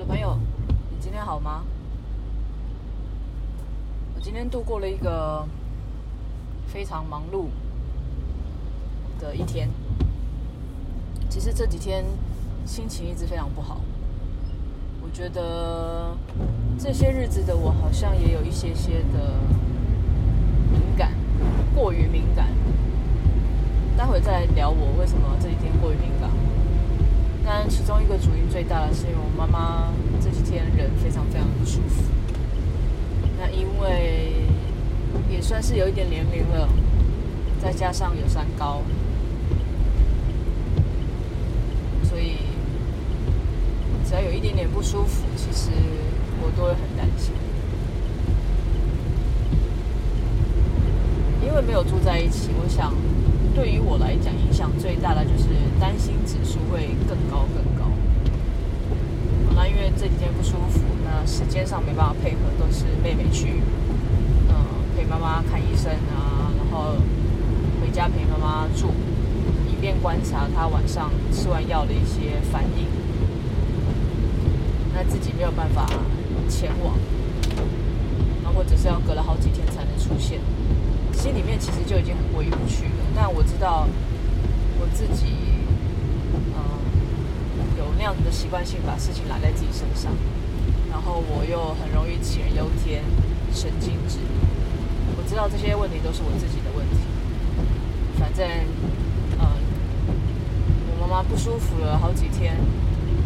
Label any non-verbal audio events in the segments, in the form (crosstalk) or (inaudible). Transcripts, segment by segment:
我的朋友，你今天好嗎？我今天度過了一個非常忙碌的一天。其實這幾天心情一直非常不好。我覺得這些日子的我好像也有一些些的敏感，過於敏感。待會再來聊，我為什麼這幾天過於敏感。但其中一個主因最大的，是因為我媽媽這幾天人非常非常的不舒服。那因為也算是有一點年齡了，再加上有三高，所以只要有一點點不舒服，其實我都會很擔心。因為沒有住在一起，我想。對於我來講，影響最大的就是擔心指數會更高更高。那、啊、因為這幾天不舒服，那時間上沒辦法配合，都是妹妹去，嗯、呃，陪媽媽看醫生啊，然後回家陪媽媽住，以便觀察她晚上吃完藥的一些反應。那自己沒有辦法前往，那或者是要隔了好幾天才能出現。心裡面其實就已經很過意不去了，但我知道我自己，嗯，有那樣子的習慣性把事情攬在自己身上，然後我又很容易杞人憂天、神經質。我知道這些問題都是我自己的問題。反正，嗯，我媽媽不舒服了好幾天，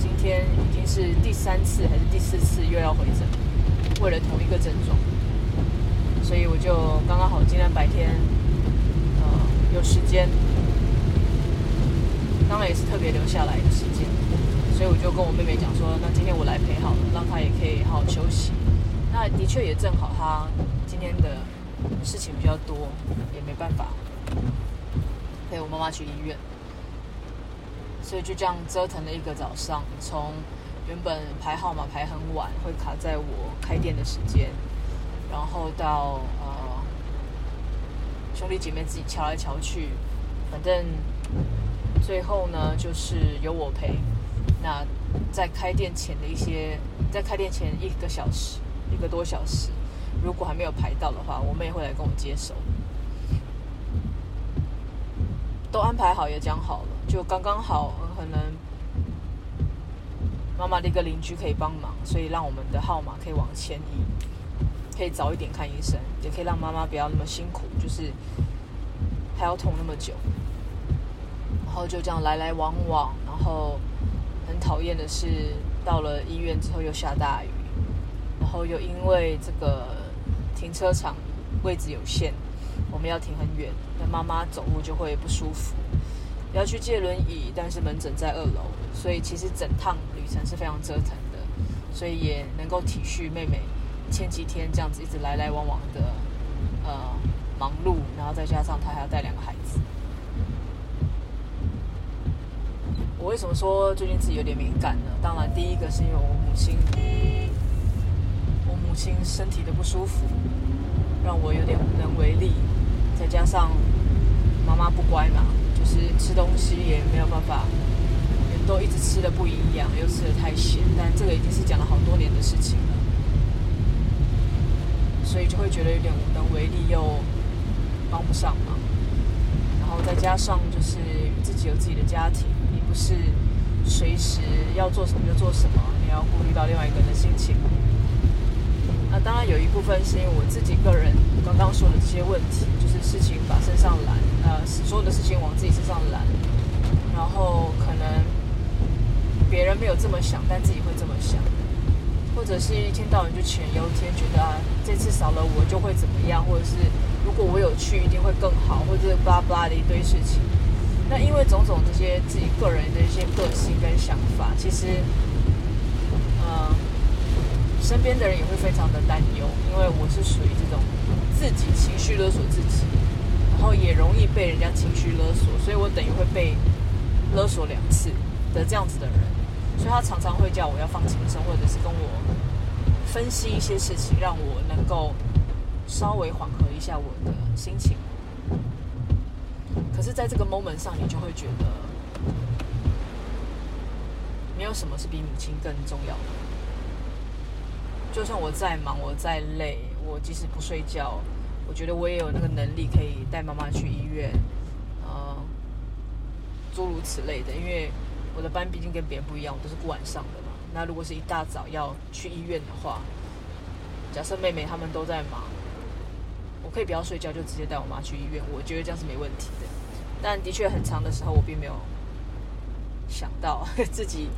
今天已經是第三次還是第四次又要回診，為了同一個症狀。所以我就剛剛好今天白天，呃，有時間，當然也是特別留下來的時間，所以我就跟我妹妹講說，那今天我來陪好了，讓她也可以好好休息。那的確也正好她今天的事情比較多，也沒辦法陪我媽媽去醫院，所以就這樣折騰了一個早上，從原本排號碼排很晚，會卡在我開店的時間。然後到呃兄弟姐妹自己瞧來瞧去，反正最後呢就是由我陪。那在開店前的一些，在開店前一個小時、一個多小時，如果還沒有排到的話，我妹會來跟我接手。都安排好也講好了，就剛剛好，嗯、可能媽媽的一個鄰居可以幫忙，所以讓我們的號碼可以往前移。可以早一點看醫生，也可以讓媽媽不要那麼辛苦，就是還要痛那麼久，然後就這樣來來往往，然後很討厭的是，到了醫院之後又下大雨，然後又因為這個停車場位置有限，我們要停很遠，那媽媽走路就會不舒服，要去借輪椅，但是門診在二樓，所以其實整趟旅程是非常折騰的，所以也能夠體恤妹妹。前幾天這樣子一直來來往往的，呃，忙碌，然後再加上他還要帶兩個孩子。我為什麼說最近自己有點敏感呢？當然，第一個是因為我母親，我母親身體的不舒服，讓我有點無能為力。再加上媽媽不乖嘛，就是吃東西也沒有辦法，人都一直吃的不營養，又吃的太鹹。但這個已經是講了好多年的事情了。所以就會覺得有點無能為力，又幫不上忙，然後再加上就是自己有自己的家庭，你不是隨時要做什麼就做什麼，你要顧慮到另外一個人的心情。那當然有一部分是因為我自己個人剛剛說的這些問題，就是事情把身上攬，呃，所有的事情往自己身上攬，然後可能別人沒有這麼想，但自己會這麼想。或者是一天到晚就杞人憂天，覺得啊，這次少了我就會怎麼樣？或者是如果我有去一定會更好，或者是 bl、ah、blah blah 的一堆事情。那因為種種這些自己個人的一些個性跟想法，其實，嗯、呃，身邊的人也會非常的擔憂，因為我是屬於這種自己情緒勒索自己，然後也容易被人家情緒勒索，所以我等於會被勒索兩次的這樣子的人。所以他常常會叫我要放輕鬆，或者是跟我分析一些事情，讓我能夠稍微緩和一下我的心情。可是，在這個 moment 上，你就會覺得沒有什麼是比母親更重要的。就算我再忙，我再累，我即使不睡覺，我覺得我也有那個能力可以帶媽媽去醫院，嗯，諸如此類的，因為。我的班畢竟跟別人不一樣，我都是過晚上的嘛。那如果是一大早要去醫院的話，假設妹妹她們都在忙，我可以不要睡覺，就直接帶我媽去醫院。我覺得這樣是沒問題的。但的確很長的時候，我並沒有想到，呵呵，自己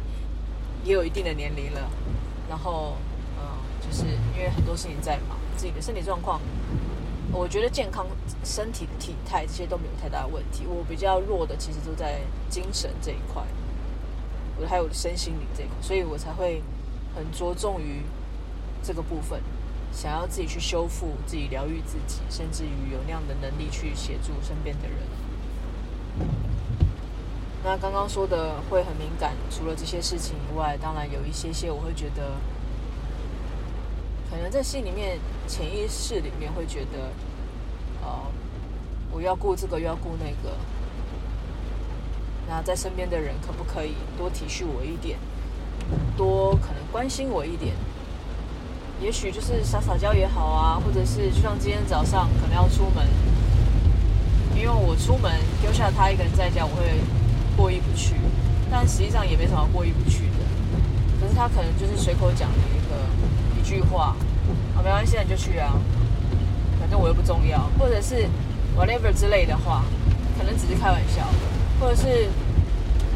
也有一定的年齡了。然後，嗯，就是因為很多事情在忙，自己的身體狀況，我覺得健康、身體體態這些都沒有太大的問題。我比較弱的其實都在精神這一塊。我還有身心靈這一塊，所以我才會很着重於這個部分，想要自己去修復、自己療癒自己，甚至於有那樣的能力去協助身邊的人。那剛剛說的會很敏感，除了這些事情以外，當然有一些些，我會覺得可能在心裡面、潛意識裡面會覺得，哦、呃，我要顧這個，又要顧那個。那在身邊的人可不可以多體恤我一點，多可能關心我一點？也許就是撒撒嬌也好啊，或者是就像今天早上可能要出門，因為我出門丟下了他一個人在家，我會過意不去。但實際上也沒什麼過意不去的。可是他可能就是隨口講了一個一句話，啊，沒關係，你就去啊，反正我又不重要，或者是 whatever 之類的話，可能只是開玩笑的。或者是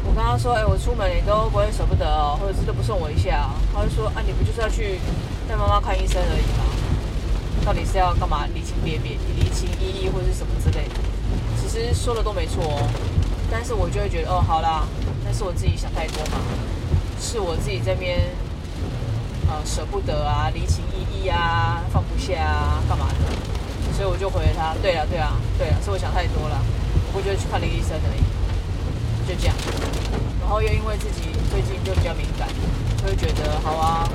我剛剛說，哎、欸，我出門你都不會捨不得哦？或者是都不送我一下？哦，他就說，啊，你不就是要去帶媽媽看醫生而已嗎？到底是要幹嘛便便？離情別別，離情依依，或者是什麼之類的？其實說的都沒錯哦，但是我就會覺得，哦，好啦，那是我自己想太多嘛，是我自己這邊，呃，捨不得啊，離情依依啊，放不下啊，幹嘛的？所以我就回他，對啊，對啊，對啊，是我想太多了，我不就是去看林醫生而已。又因為自己最近就比較敏感，就會覺得好啊，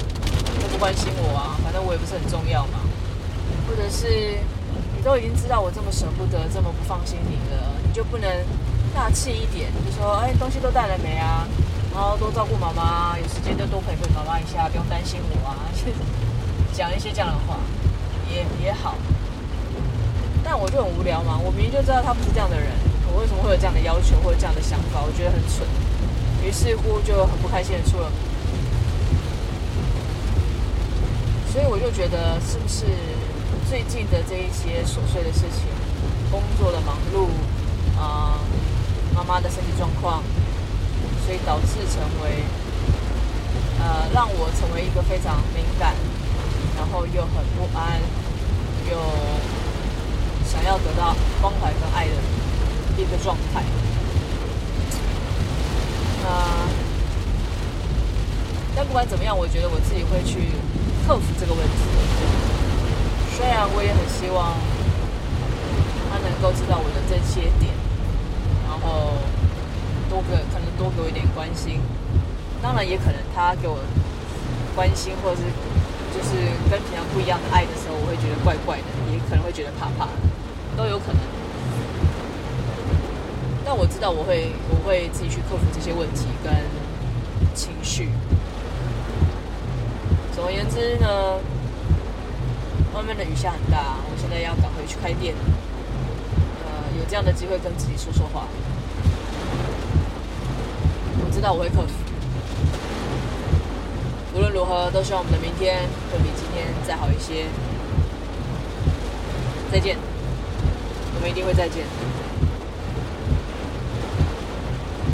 都不關心我啊，反正我也不是很重要嘛。或者是你都已經知道我這麼捨不得，這麼不放心你了，你就不能大氣一點，就是、說哎、欸，東西都帶了沒啊？然後多照顧媽媽，有時間就多陪陪媽媽一下，不用擔心我啊。講 (laughs) 一些這樣的話也也好，但我就很無聊嘛。我明明就知道他不是這樣的人，我為什麼會有這樣的要求或者這樣的想法？我覺得很蠢。於是乎就很不開心的出了，所以我就覺得是不是最近的這一些瑣碎的事情，工作的忙碌，啊，媽媽的身體狀況，所以導致成為，呃，讓我成為一個非常敏感，然後又很不安，又想要得到關懷跟愛的一個狀態。啊！但不管怎麼樣，我覺得我自己會去克服這個問題。雖然我也很希望他能夠知道我的這些點，然後多個可能多給我一點關心。當然，也可能他給我關心或者是就是跟平常不一樣的愛的時候，我會覺得怪怪的，也可能會覺得怕怕的，都有可能。我知道我會，我會自己去克服這些問題跟情緒。總而言之呢，外面的雨下很大，我現在要趕回去開店。呃，有這樣的機會跟自己說說話，我知道我會克服。無論如何，都希望我們的明天會比今天再好一些。再見，我們一定會再見。